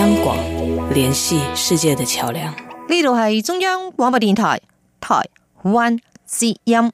香港聯繫世界的橋樑，呢度係中央廣播電台台灣之音，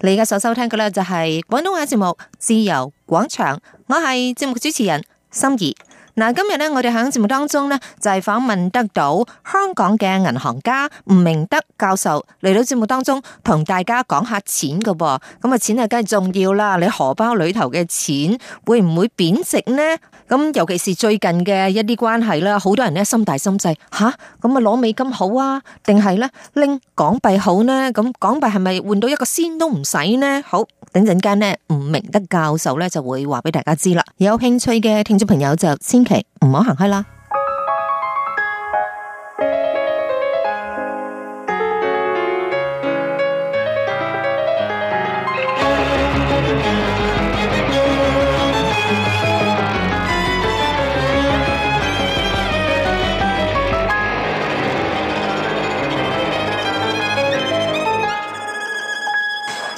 你而家所收聽嘅咧就係廣東話節目《自由廣場》，我係節目主持人心儀。嗱，今日咧，我哋喺節目當中咧，就係訪問得到香港嘅銀行家吳明德教授嚟到節目當中，同大家講下錢嘅噃。咁啊，錢係梗係重要啦。你荷包裏頭嘅錢會唔會貶值呢？咁尤其是最近嘅一啲關係啦，好多人咧心大心細吓，咁啊，攞美金好啊，定係咧拎港幣好呢？咁港幣係咪換到一個仙都唔使呢？好，等陣間呢，吳明德教授咧就會話俾大家知啦。有興趣嘅聽眾朋友就先。唔好行開啦，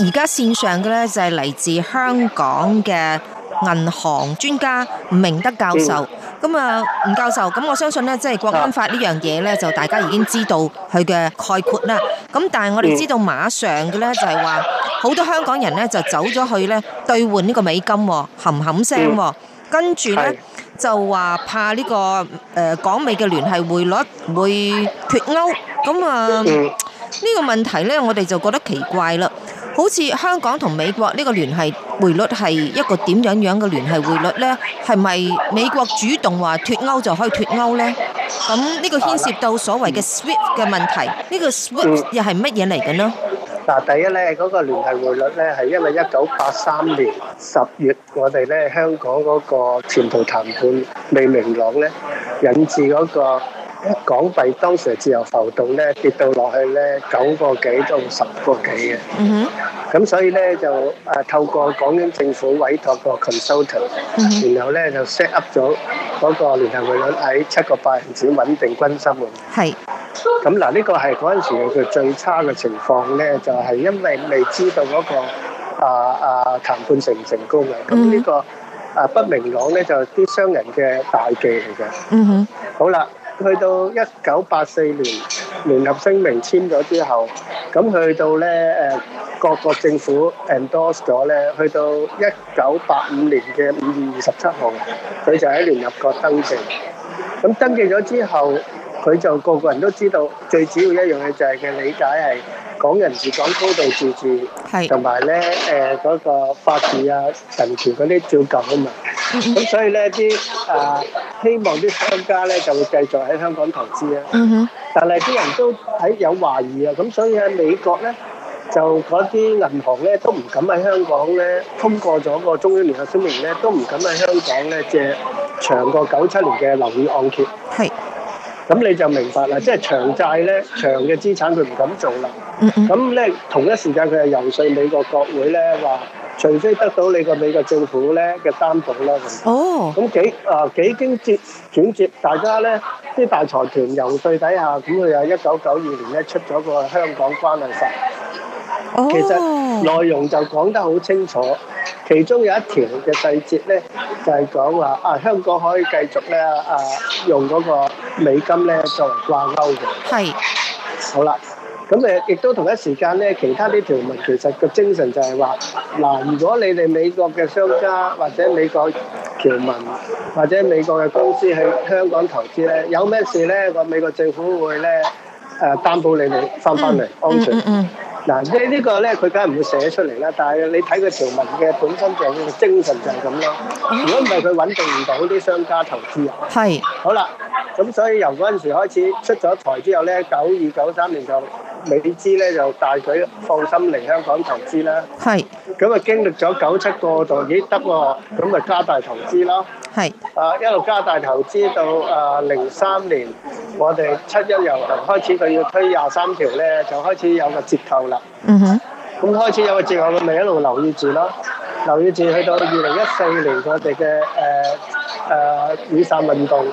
而家線上嘅咧就係嚟自香港嘅。銀行專家吳明德教授，咁啊吳教授，咁我相信呢，即係國安法呢樣嘢呢，就大家已經知道佢嘅概括啦。咁但係我哋知道，馬上嘅呢就係話，好多香港人呢就走咗去呢兌換呢個美金，冚冚聲，跟住呢就話怕呢個誒港美嘅聯繫匯率會脫鈎。咁啊呢個問題呢，我哋就覺得奇怪啦，好似香港同美國呢個聯繫。匯率係一個點樣樣嘅聯繫匯率呢？係咪美國主動話脱歐就可以脱歐呢？咁呢個牽涉到所謂嘅 SWIFT 嘅問題，呢個 SWIFT 又係乜嘢嚟嘅呢？嗱，第一呢，嗰個聯繫匯率呢，係因為一九八三年十月，我哋呢香港嗰個前途談判未明朗呢，引致嗰個。港幣當時自由浮動咧跌到落去咧九個幾到十個幾嘅，咁所以咧就誒透過港英政府委託個 consultant，然後咧就 set up 咗嗰個聯繫匯率喺七個八銀紙穩定軍心喎。係，咁嗱呢個係嗰陣時佢最差嘅情況咧，就係因為未知道嗰個啊啊談判成唔成功嘅，咁呢個啊不明朗咧就係啲商人嘅大忌嚟嘅。嗯哼，好啦。去到一九八四年聯合聲明簽咗之後，咁去到咧誒各國政府 endorse 咗咧，去到一九八五年嘅五月二十七號，佢就喺聯合國登記。咁登記咗之後，佢就個個人都知道，最主要一樣嘢就係佢嘅理解係。港人治港、高度自治，同埋咧誒嗰個法治啊、人權嗰啲照舊啊嘛，咁 所以咧啲啊希望啲商家咧就會繼續喺香港投資啦、啊。 但係啲人都喺有懷疑啊，咁所以喺、啊、美國咧就嗰啲銀行咧都唔敢喺香港咧通過咗個中央聯合聲明咧，都唔敢喺香港咧借長過九七年嘅樓宇按揭。係。咁你就明白啦，即係長債咧，長嘅資產佢唔敢做啦。咁咧、mm hmm. 同一時間佢又游說美國國會咧，話除非得到你個美國政府咧嘅擔保啦咁。哦，咁、oh. 幾啊、呃、幾經轉折，大家咧啲大財團游說底下，咁佢又一九九二年咧出咗個香港關係法。其實內容就講得好清楚，其中有一條嘅細節呢就是說、啊，就係講話啊，香港可以繼續咧啊，用嗰個美金呢作為掛鈎嘅。是好啦，咁誒亦都同一時間呢，其他啲條文其實個精神就係話，嗱、啊，如果你哋美國嘅商家或者美國僑民或者美國嘅公司去香港投資呢，有咩事呢？個美國政府會呢。誒擔、呃、保你哋翻返嚟安全。嗱、嗯，嗯嗯這個、呢呢個咧，佢梗係唔會寫出嚟啦。但係你睇佢條文嘅本身就係呢個精神就係咁咯。嗯、如果唔係，佢穩定唔到啲商家投資人。係是。好啦，咁所以由嗰陣時開始出咗台之後咧，九二九三年就。美資咧就大舉放心嚟香港投資啦，係。咁啊經歷咗九七過渡，咦得喎，咁啊加大投資咯，係。啊一路加大投資到啊零三年，我哋七一遊行開始，佢要推廿三條咧，就開始有個折扣啦。嗯哼。咁開始有個折扣，佢咪一路留意住咯，留意住去到二零一四年我哋嘅誒誒雨傘運動。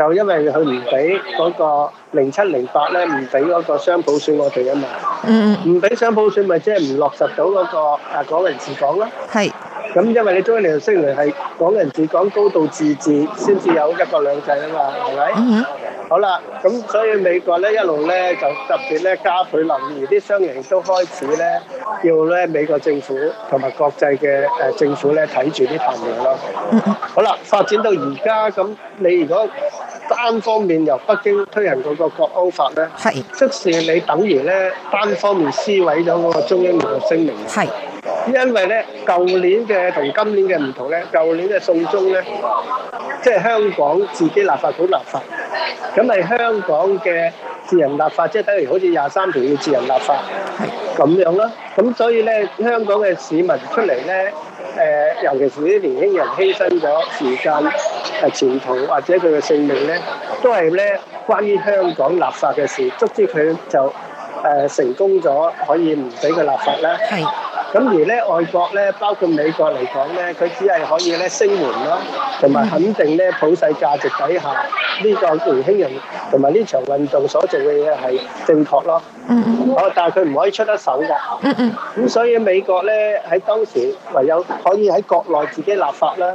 就因為佢唔俾嗰個零七零八呢，唔俾嗰個雙普選我哋啊嘛，唔俾雙普選，咪即係唔落實到嗰、那個啊講為止咁因為你中英聯合聲明係講港人治港，講高度自治，先至有一國兩制啊嘛，係咪？嗯嗯、好啦，咁所以美國咧一路咧就特別咧加倍臨，而啲商人亦都開始咧要咧美國政府同埋國際嘅誒政府咧睇住啲盤嘢咯。嗯嗯、好啦，發展到而家咁，你如果單方面由北京推行嗰個國安法咧，係是，即係你等如咧單方面撕毀咗嗰個中英聯合聲明。係。因為咧，舊年嘅同今年嘅唔同咧，舊年嘅送中咧，即係香港自己立法會立法，咁係香港嘅自行立法，即係等於好似廿三條嘅自行立法咁是樣啦。咁所以咧，香港嘅市民出嚟咧、呃，尤其是啲年輕人犧牲咗時間、前途或者佢嘅性命咧，都係咧關於香港立法嘅事，直至佢就、呃、成功咗，可以唔俾佢立法啦。咁而咧，外國咧，包括美國嚟講咧，佢只係可以咧聲援咯，同埋肯定咧普世價值底下呢個年輕人同埋呢場運動所做嘅嘢係正確咯。嗯嗯。哦，但係佢唔可以出得手㗎。嗯嗯。咁所以美國咧喺當時唯有可以喺國內自己立法啦，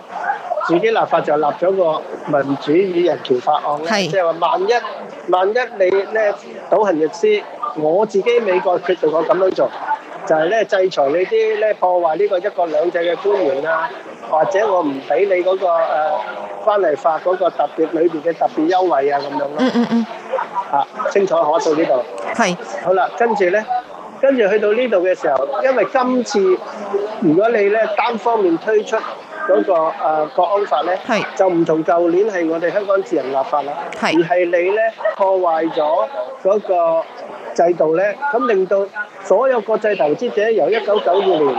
自己立法就立咗個民主與人權法案係，即係話萬一萬一你咧倒行逆施，我自己美國決定我咁樣做，就係咧，制裁你啲咧破壞呢個一國兩制嘅官員啊，或者我唔俾你嗰、嗰個誒翻嚟發嗰個特別裏邊嘅特別優惠啊咁樣咯。吓、嗯嗯嗯啊，清楚到，嚇是，精可到呢度。係好啦，跟住咧。跟住去到呢度嘅時候，因為今次如果你咧單方面推出嗰個誒國安法咧，係就唔同舊年係我哋香港自行立法啦，係而係你咧破壞咗嗰個制度咧，噉令到所有國際投資者由一九九二年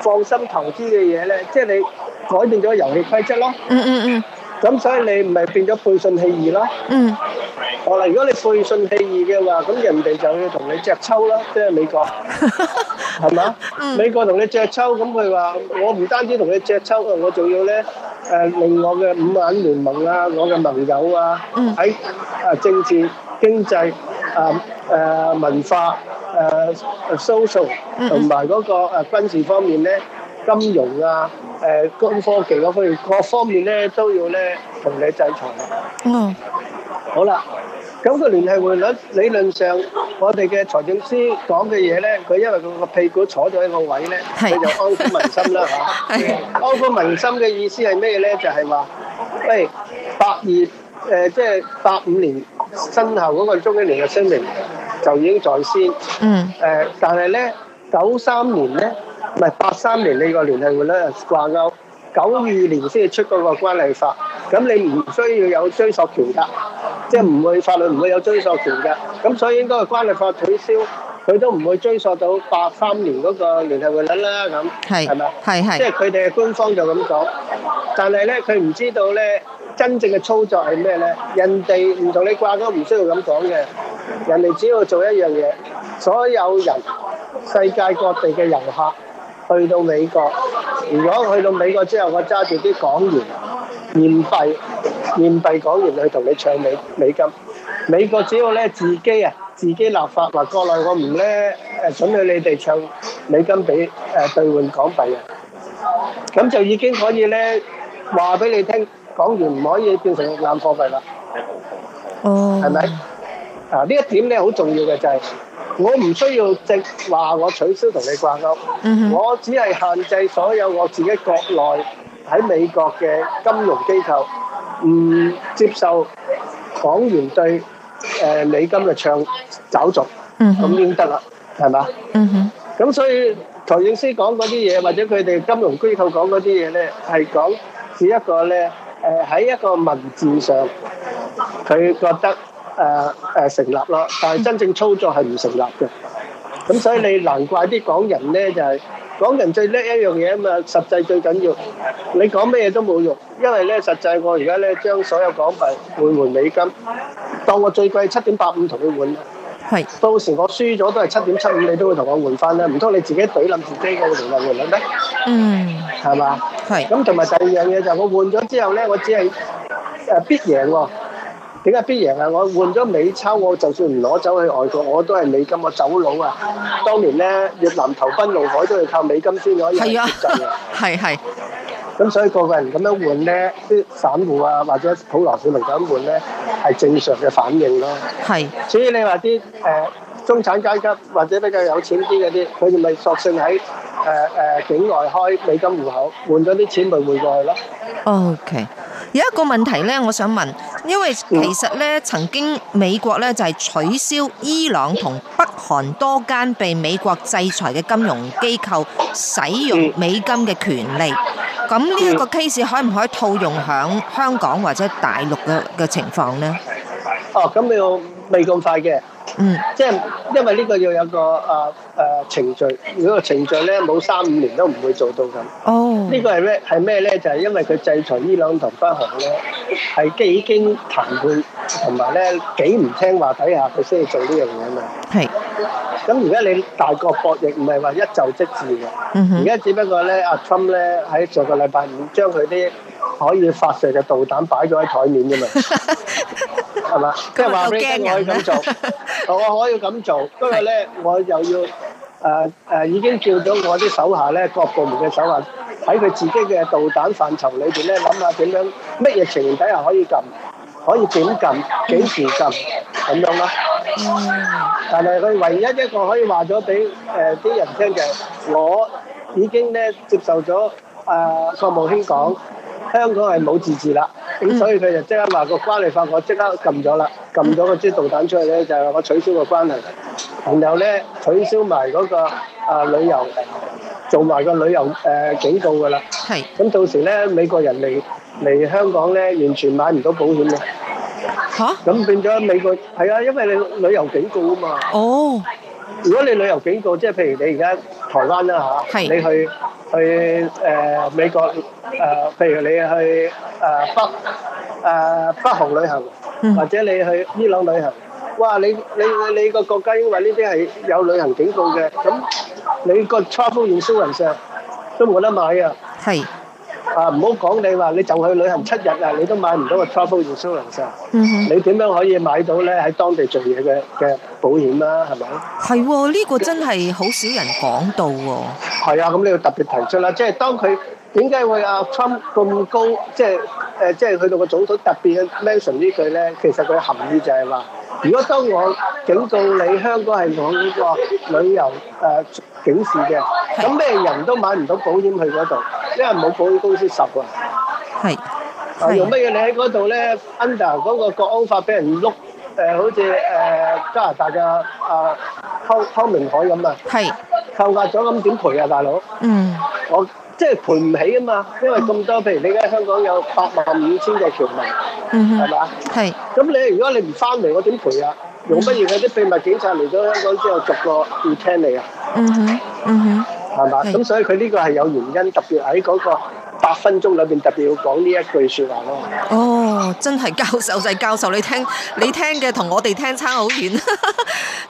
放心投資嘅嘢咧，即係你改變咗遊戲規則咯。嗯嗯嗯。咁所以你唔係變咗背信棄義咯？嗯，嗱，如果你背信棄義嘅話，咁人哋就要同你隻揪啦，即係美國，係嘛？嗯，美國同你隻揪，咁佢話我唔單止同你隻揪，我仲要咧誒，令我嘅五眼聯盟啊，我嘅盟友啊，喺啊政治、經濟、啊誒文化、誒 social 同埋嗰個誒軍事方面咧，金融啊，誒、呃、高科技嗰方面各方面咧，都要咧同你制裁、啊、嗯。好啦，咁個聯繫匯率理論上，我哋嘅財政司講嘅嘢咧，佢因為佢個屁股坐咗喺個位咧，佢是就安撫民心啦嚇。安撫民心嘅意思係咩咧？就係、是、話：喂，八二誒即係八五年生效嗰個中英聯合聲明，就已經在先。嗯。誒、呃，但係咧。九三年咧，唔係八三年，你個聯繫匯率掛鈎，九二年先至出嗰個關例法，咁你唔需要有追溯權噶，即係唔會法律唔會有追溯權嘅。咁所以應該個關例法取消，佢都唔會追溯到八三年嗰個聯繫匯率啦，咁係係咪係係，即係佢哋嘅官方就咁講，但係咧佢唔知道咧真正嘅操作係咩咧，人哋唔同你掛鈎，唔需要咁講嘅，人哋只要做一樣嘢，所有人。世界各地嘅遊客去到美國，如果去到美國之後，我揸住啲港元、現幣、現幣港元去同你唱美美金，美國只要咧自己啊，自己立法話國內我唔咧誒，准許你哋唱美金俾誒兌換港幣啊，咁就已經可以咧話俾你聽，港元唔可以變成硬貨幣啦。哦，係咪？啊，呢一點咧好重要嘅就係。我唔需要直話我取消同你掛鈎，我只係限制所有我自己國內喺美國嘅金融機構唔接受港元對誒美金嘅唱找續，咁應得啦，係嘛？咁所以台英師講嗰啲嘢，或者佢哋金融機構講嗰啲嘢呢，係講只一個呢誒喺一個文字上，佢覺得。誒誒成立啦，但係真正操作係唔成立嘅。咁所以你難怪啲港人咧，就係港人最叻一樣嘢啊嘛，實際最緊要你講咩嘢都冇用，因為咧實際我而家咧將所有港幣換換美金，當我最貴七點八五同佢換，係到時我輸咗都係七點七五，你都會同我換翻啦。唔通你自己懟冧自己個換換換咩？嗯，係嘛？係。咁同埋第二樣嘢就係我換咗之後咧，我只係誒必贏喎。點解必贏啊！我換咗美鈔，我就算唔攞走去外國，我都係美金。我走佬啊！當年咧，越南投奔怒海都要靠美金先可以入陣嘅，係係、啊。咁所以個個人咁樣換咧，啲散戶啊或者普羅市民咁樣換咧，係正常嘅反應咯。係是。所以你話啲誒中產階級或者比較有錢啲嗰啲，佢哋咪索性喺誒誒境外開美金戶口，換咗啲錢咪換過去咯。OK。有一個問題呢，我想問，因為其實呢曾經美國呢，就係、是、取消伊朗同北韓多間被美國制裁嘅金融機構使用美金嘅權利。咁呢一個 case 可唔可以套用喺香港或者大陸嘅嘅情況呢？哦，咁你未咁快嘅。嗯，即係因為呢個要有個啊誒、呃呃、程序，如果個程序咧冇三五年都唔會做到咁。哦，這是什麼，呢個係咩係咩咧？就係、是、因為佢制裁伊朗北韓呢兩頭不紅咧，係幾經談判同埋咧幾唔聽話底下，佢先要做呢樣嘢嘛。係是。咁而家你大國博弈唔係話一就即治㗎，而家、嗯、哼只不過咧阿 Trump 咧喺上個禮拜五將佢啲可以發射嘅導彈擺咗喺台面啫嘛。 係嘛？即係話 breaking，我可以咁做，我可以咁做。不過咧，我又要誒誒，已經叫咗我啲手下咧，各部門嘅手下喺佢自己嘅導彈範疇裏邊咧，諗下點樣乜嘢情形底下可以撳，可以點撳，幾時撳咁樣囉。嗯。但係佢唯一一個可以話咗俾誒啲人聽就係，我已經咧接受咗誒國務卿講。香港係冇自治啦，咁、嗯、所以佢就即刻話個關係法，我即刻撳咗啦，撳咗個支導彈出去咧，就係、是、話我取消個關係，然後咧取消埋嗰、那個呃、個旅遊，做埋個旅遊誒警告㗎啦。係是。咁到時咧，美國人嚟嚟香港咧，完全買唔到保險嘅。嚇、啊？咁變咗美國係啊，因為你旅遊警告啊嘛。哦。如果你旅遊警告，即係譬如你而家。台灣啦、吓、是你去去、呃、美國誒、呃，譬如你去、呃、北誒、呃、北韓旅行，嗯、或者你去伊朗旅行，哇！你你你個國家因為呢啲係有旅行警告嘅，咁你個 Travel Insurance 都冇得買啊！係。啊！唔好講你話，你就去旅行七日啊，你都買唔到個 travel insurance、嗯。你點樣可以買到咧？喺當地做嘢嘅嘅保險啦、啊，係咪？係呢、哦呢個真係好少人講到喎、哦。係啊，咁你要特別提出啦，即係當佢點解會阿 Trump 咁高，即係誒、呃，即係去到個總統特別 mention 呢句咧，其實佢含義就係、是、話，如果當我警告你香港係我呢個旅遊誒、呃、警示嘅，咁咩的人都買唔到保險去嗰度。因為冇保險公司十㗎，係、啊、用乜嘢？你喺嗰度咧 under 嗰個國安法俾人碌誒、呃，好似誒、呃、加拿大嘅啊，邱、呃、邱明海咁啊，係是扣押咗咁點賠啊，大佬？嗯，我即係、就是、賠唔起啊嘛，因為咁多，譬如你而家香港有八萬五千嘅全民，嗯哼，係嘛吧？係咁是你如果你唔翻嚟，我點賠啊？用乜嘢啊？啲秘密警察嚟咗香港之後逐個要聽你啊？嗯哼，嗯哼。咁所以佢呢個係有原因，特別喺嗰個八分鐘裏邊，特別要講呢一句說話咯。哦，真係教授，就係教授，你聽，你聽嘅同我哋聽差好遠。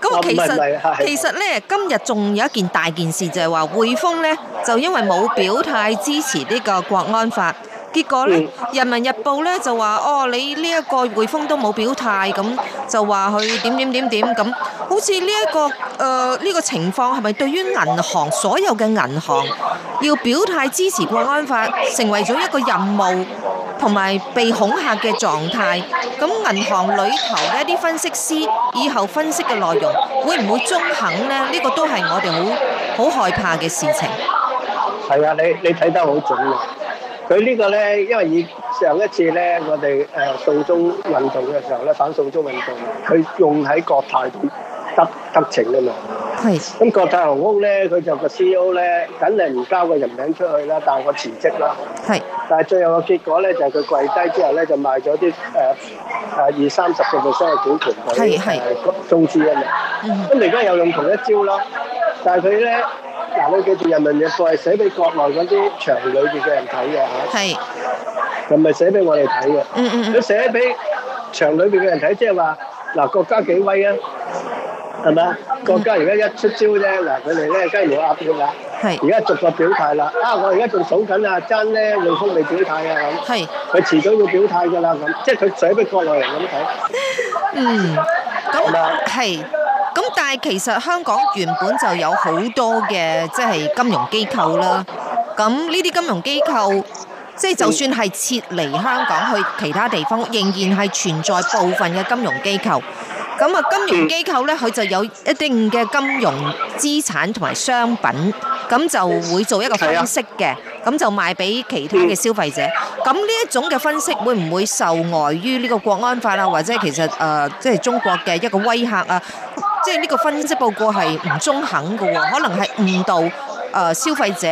咁 其實、哦、其實咧，今日仲有一件大件事，就係、是、話匯豐呢,就因為冇表態支持呢個國安法。結果呢，《人民日報》呢就話：哦，你呢一個匯豐都冇表態，咁就話佢點點點點咁。好似呢一個誒呢個情況係咪對於銀行所有嘅銀行要表態支持《國安法》，成為咗一個任務同埋被恐嚇嘅狀態？咁銀行裏頭嘅一啲分析師以後分析嘅內容會唔會中肯呢？呢個都係我哋好好害怕嘅事情。係啊，你你睇得好準啊！佢呢個咧，因為以上一次咧，我哋誒、呃、送中運動嘅時候咧，反送中運動，佢用喺國泰得得逞啊嘛。係。咁國是泰航空咧，佢就個 CEO 咧，梗係唔交個人名出去啦，辭職了是但係我辭職啦。係。但係最後個結果咧，就係、是、佢跪低之後咧，就賣咗啲誒誒二三十個 percent 股權俾中資啊嘛。嗯。咁而家又用同一招啦，但係佢咧。嗱，你記住《人民日報》係寫俾國內嗰啲牆裏邊嘅人睇嘅嚇，係，唔係寫俾我哋睇嘅？嗯嗯嗯，佢寫俾牆裏邊嘅人睇，即係話，嗱，國家幾威啊？係咪啊？國家而家一出招咧，嗱，佢哋咧雞毛鴨片啦，係。而家逐個表態啦，啊我而家仲數緊啊爭咧，陸豐未表態啊咁，係。佢遲早要表態㗎啦，咁即係佢寫俾國內人咁睇。嗯，咁係。但係其實香港原本就有好多嘅，即係金融機構啦，咁呢啲金融機構即係就算係撤離香港去其他地方，仍然係存在部分嘅金融機構。咁啊，金融機構呢佢就有一定嘅金融資產同埋商品，咁就會做一個分析嘅，咁就賣俾其他嘅消費者。咁呢一種嘅分析會唔會受礙於呢個國安法啊，或者其實誒即係中國嘅一個威嚇啊？即係呢個分析報告係唔中肯㗎喎，可能係誤導誒消費者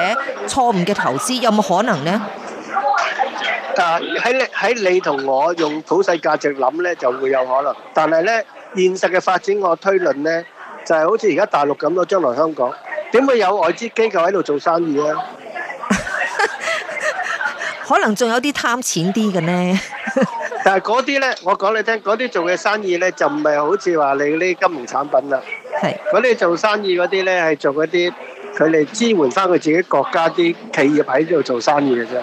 錯誤嘅投資，有冇可能呢？誒喺喺你同我用普世價值諗呢，就會有可能。但係呢，現實嘅發展我推論呢，就係好似而家大陸咁咯，將來香港點會有外資機構喺度做生意呢？可能仲有啲貪錢啲嘅呢？但係嗰啲咧，我講你聽，嗰啲做嘅生意咧，就唔係好似話你啲金融產品啦。係是，嗰啲做生意嗰啲咧係做一啲佢哋支援翻佢自己國家啲企業喺度做生意嘅啫。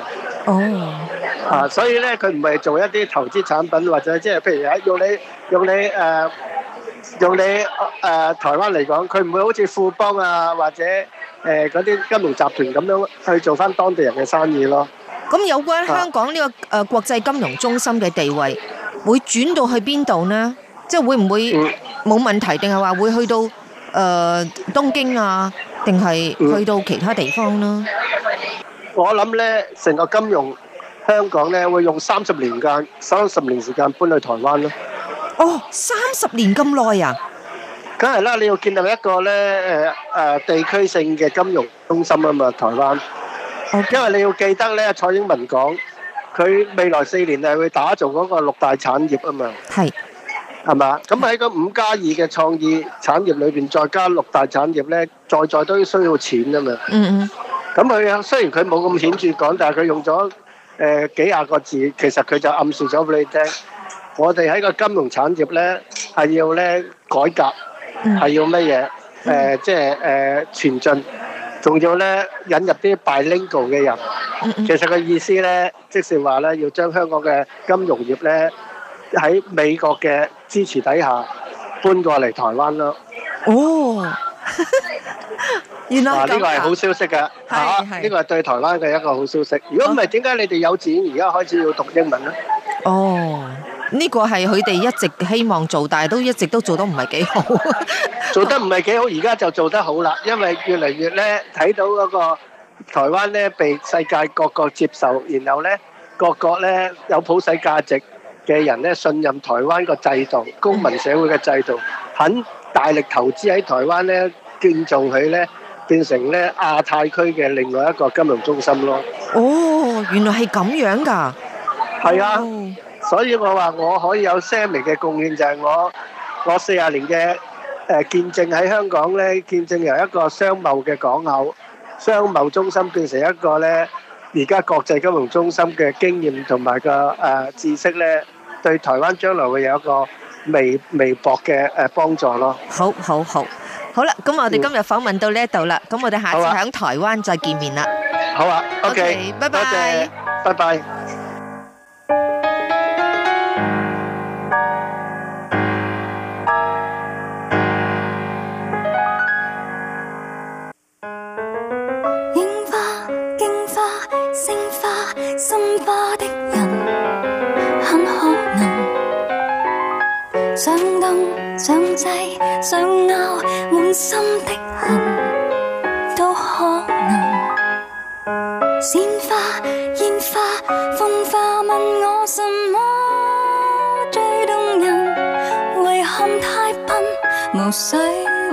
哦，oh. oh. 啊，所以咧佢唔係做一啲投資產品或者即係譬如喺用你用你誒、呃、用你誒、呃呃、台灣嚟講，佢唔會好似富邦啊或者誒嗰啲金融集團咁樣去做翻當地人嘅生意咯。咁有關香港呢個誒國際金融中心嘅地位，會轉到去邊度呢？即係會唔會冇問題，定係話會去到誒東京啊，定係去到其他地方呢？我諗咧，成個金融香港咧，會用三十年間、三十年時間搬去台灣咯。哦，三十年咁耐啊？梗係啦，你要建立一個咧誒誒地區性嘅金融中心啊嘛，台灣。Okay. 因為你要記得咧，蔡英文講佢未來四年係會打造嗰個六大產業啊嘛，係係嘛，咁喺個五加二嘅創意產業裏邊，再加六大產業咧，再再都需要錢啊嘛。嗯嗯，咁佢啊，雖然佢冇咁顯著講，但係佢用咗誒、呃、幾廿個字，其實佢就暗示咗俾你聽，我哋喺個金融產業咧係要咧改革，係、嗯、要乜嘢？誒、呃，嗯、即係誒、呃、前進。仲要咧引入啲 bilingual 嘅人，嗯嗯，其實個意思咧，即是話咧要將香港嘅金融業咧喺美國嘅支持底下搬過嚟台灣咯。哦， 原來呢、啊呢個係好消息㗎，嚇呢、啊呢個係對台灣嘅一個好消息。如果唔係，點解你哋幼稚園而家開始要讀英文咧？哦，呢、呢個係佢哋一直希望做，但係都一直都做得唔係幾好。 做得唔係幾好，而家就做得好啦，因為越嚟越咧睇到嗰個台灣咧被世界各國接受，然後咧各國咧有普世價值嘅人咧信任台灣個制度、公民社會嘅制度，肯大力投資喺台灣咧，建造佢咧變成咧亞太區嘅另外一個金融中心咯。哦，原來係咁樣㗎。係啊，所以我話我可以有些微嘅貢獻，就係我我四十年嘅。誒，見證喺香港咧，見證由一個商貿嘅港口、商貿中心變成一個咧，而家國際金融中心嘅經驗同埋個誒知識咧，對台灣將來會有一個微微薄嘅誒幫助咯。好，好，好，好啦，咁我哋今日訪問到呢一度啦，咁我哋下次喺台灣再見面啦。好啊，OK，拜拜，多謝，拜拜。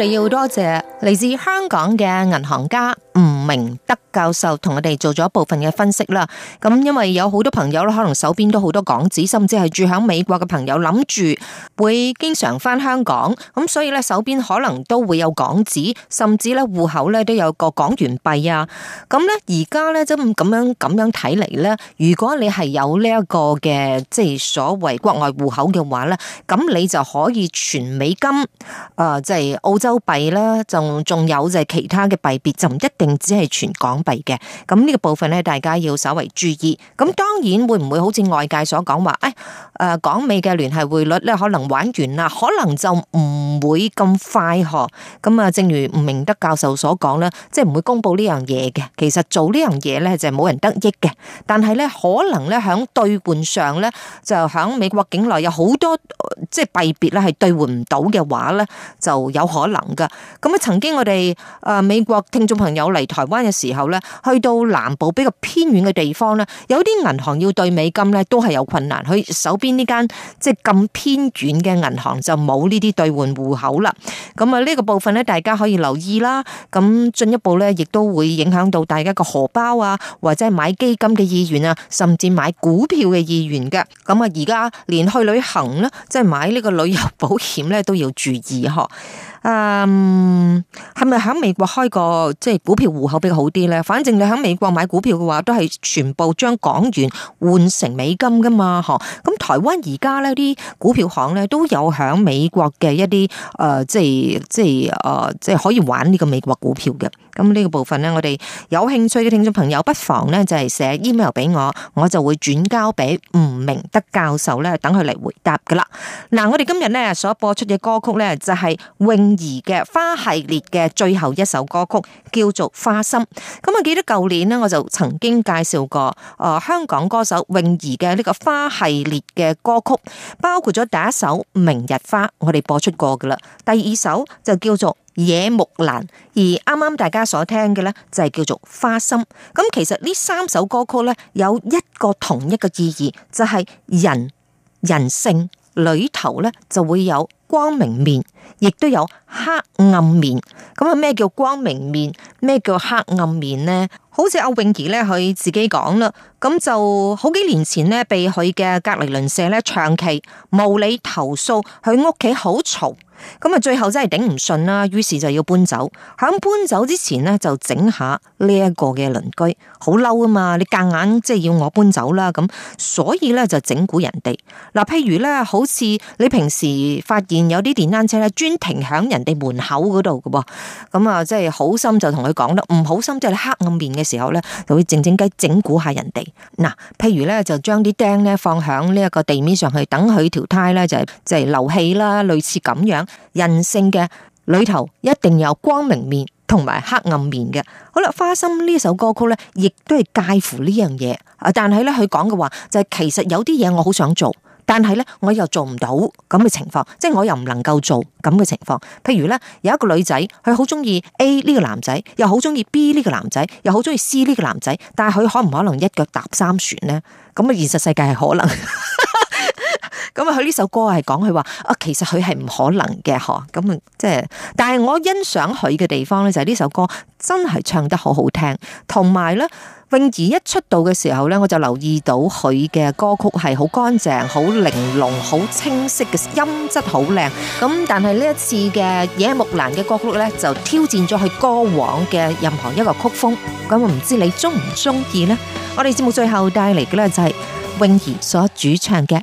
我哋要多謝嚟自香港嘅銀行家吳明德。教授同我哋做咗一部分嘅分析啦，咁因為有好多朋友咧，可能手邊都好多港紙，甚至係住響美國嘅朋友諗住會經常翻香港，咁所以咧手邊可能都會有港紙，甚至咧戶口咧都有個港元幣啊，咁咧而家咧就咁樣咁樣睇嚟咧，如果你係有呢一個嘅即係所謂國外戶口嘅話咧，咁你就可以存美金，啊，即係澳洲幣啦，就仲有就係其他嘅幣別，就唔一定只係存港。嘅咁呢個部分咧，大家要稍為注意。咁當然會唔會好似外界所講話，誒，誒，港美嘅聯繫匯率咧，可能玩完啦，可能就唔會咁快呵。咁啊，正如吳明德教授所講咧，即係唔會公布呢樣嘢嘅。其實做呢樣嘢咧，就係冇人得益嘅。但係咧，可能咧響兌換上咧，就響美國境內有好多即係幣別咧係兌換唔到嘅話咧，就有可能噶。咁啊，曾經我哋啊美國聽眾朋友嚟台灣嘅時候。去到南部比較偏遠嘅地方咧，有啲銀行要兌美金咧，都係有困難。佢手邊呢間即係咁偏遠嘅銀行就冇呢啲兌換戶口啦。咁啊呢個部分咧，大家可以留意啦。咁進一步咧，亦都會影響到大家嘅荷包啊，或者係買基金嘅意願啊，甚至買股票嘅意願嘅。咁啊，而家連去旅行咧，即係買呢個旅遊保險咧，都要注意嗬，嗯，係咪響美國開個即係股票戶口比較好啲咧？反正你喺美國買股票嘅話，都係全部將港元換成美金噶嘛，嗬？咁台灣而家咧，啲股票行咧，都有喺美國嘅一啲誒、呃，即係即係誒，即係、呃、可以玩呢個美國股票嘅。咁呢個部分呢，我哋有興趣嘅聽眾朋友，不妨呢，就係寫 email 俾我，我就會轉交俾吳明德教授呢，等佢嚟回答噶啦。嗱，我哋今日呢所播出嘅歌曲呢，就係泳兒嘅花系列嘅最後一首歌曲，叫做《花心》。咁啊，記得舊年呢，我就曾經介紹過誒、呃，香港歌手泳兒嘅呢個花系列嘅歌曲，包括咗第一首《明日花》，我哋播出過噶啦，第二首就叫做。野木蘭，而啱啱大家所聽嘅呢，就係叫做花心，咁其實呢三首歌曲呢，有一個同一個意義，就係、是、人人性裏頭呢，就會有光明面，亦都有黑暗面。咁啊咩叫光明面，咩叫黑暗面呢？好似阿泳兒呢，佢自己講啦，咁就好幾年前呢，被佢嘅隔籬鄰舍呢，長期無理投訴，佢屋企好嘈。咁啊，最後真係頂唔順啦，於是就要搬走。喺搬走之前咧，就整下呢一個嘅鄰居，好嬲啊嘛！你夾硬即係要我搬走啦，咁所以咧就整蠱人哋。嗱，譬如咧，好似你平時發現有啲電單車咧專停響人哋門口嗰度嘅噃，咁啊，即係好心就同佢講啦，唔好心，即係黑暗面嘅時候咧，就會靜靜雞整蠱下人哋。嗱，譬如咧就將啲釘咧放響呢一個地面上去，等佢條胎咧就即係漏氣啦，類似咁樣。人性嘅裏頭一定有光明面同埋黑暗面嘅，好啦，花心呢首歌曲咧，亦都係介乎呢樣嘢啊！但係咧，佢講嘅話就係其實有啲嘢我好想做，但係咧我又做唔到咁嘅情況，即係我又唔能夠做咁嘅情況。譬如咧，有一個女仔，佢好中意 A 呢個男仔，又好中意 B 呢個男仔，又好中意 C 呢個男仔，但係佢可唔可能一腳踏三船呢？咁啊，現實世界係可能。 咁啊，佢呢首歌係講佢話啊，其實佢係唔可能嘅，嗬。咁即係，但係我欣賞佢嘅地方咧，就係呢首歌真係唱得好好聽，同埋咧，泳兒一出道嘅時候咧，我就留意到佢嘅歌曲係好乾淨、好玲瓏、好清晰嘅音質，好靚。咁但係呢一次嘅《野木蘭》嘅歌曲咧，就挑戰咗佢歌王嘅任何一個曲風。咁我唔知你中唔中意呢？我哋節目最後帶嚟嘅咧就係泳兒所主唱嘅。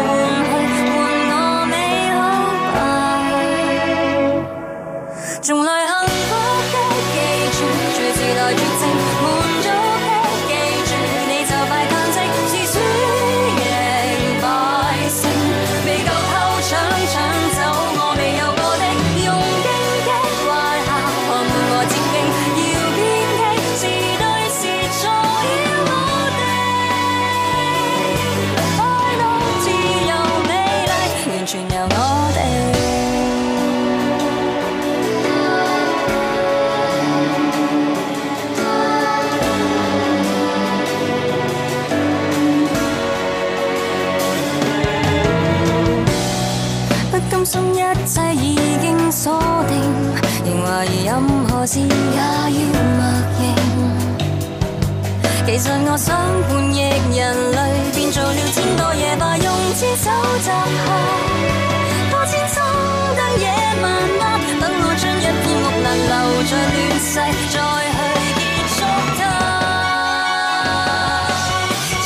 再去結束它，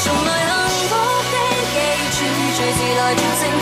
從來幸福的記住最自然。